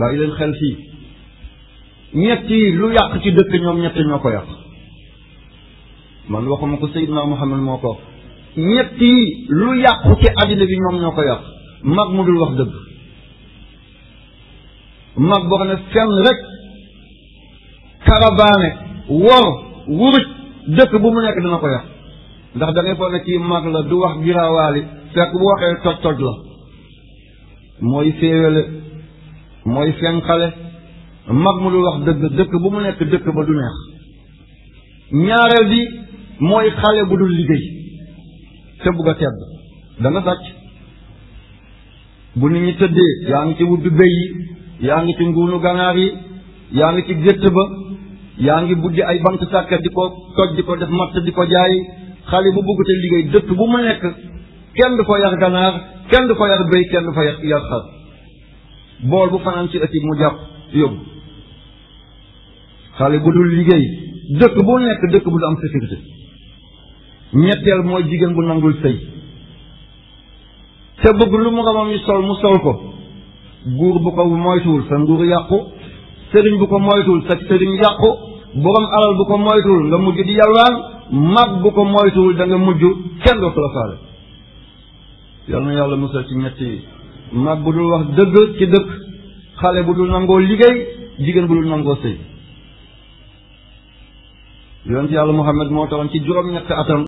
bàyyi leen xel fii ñetti lu yàq ci dëkk ñoom ñetti ñoo ko yàq man waxuma ko Seydina Muhammad moo ko ñetti lu yàqu ci àddina bi ñoom ñoo ko yàq mag mu dul wax dëgg mag boo xam ne fenn rek karabaane wor wuruj dëkk bu mu nekk dina ko yàq ndax da ngay foog ne mag la du wax giraawaali fekk bu waxee toj toj la mooy féewale mooy fenqale mag mu dul wax dëgg dëkk bu mu nekk dëkk ba du neex ñaareel bi mooy xale bu dul liggéey te bugg a tedd dana sàcc bu nit ñi tëddee yaa ngi ci wudd béy yi yaa ngi ci nguunu ganaar yi yaa ngi ci gétt ba yaa ngi buddi ay bant sàkka di ko toj di ko def matt di ko jaay xale bu bugg te liggéey dëkk bu mu nekk kenn du ko yar ganaar kenn du ko yar béy kenn du ko yar yar bool bu fanaan ci ëtt mu jàpp yóbbu xale bu dul liggéey dëkk bu nekk dëkk bu du am sécurité ñetteel mooy jigéen bu nangul sëy te bëgg lu mu romam yi sol mu sol ko guur bu ko moytuwul sa nguur yàqu sëriñ bu ko moytuwul sa sëriñ yàqu borom alal bu ko moytuwul nga mujj di yalwaan mag bu ko moytuwul da mujj kenn dootu la faale yal na yàlla ci ñetti mag bu dul wax dëgg ci dëkk xale bu dul nangoo liggéey jigéen bu dul nangoo sëy yonent yàlla Muhammad moo taxoon ci juróom-ñetti atam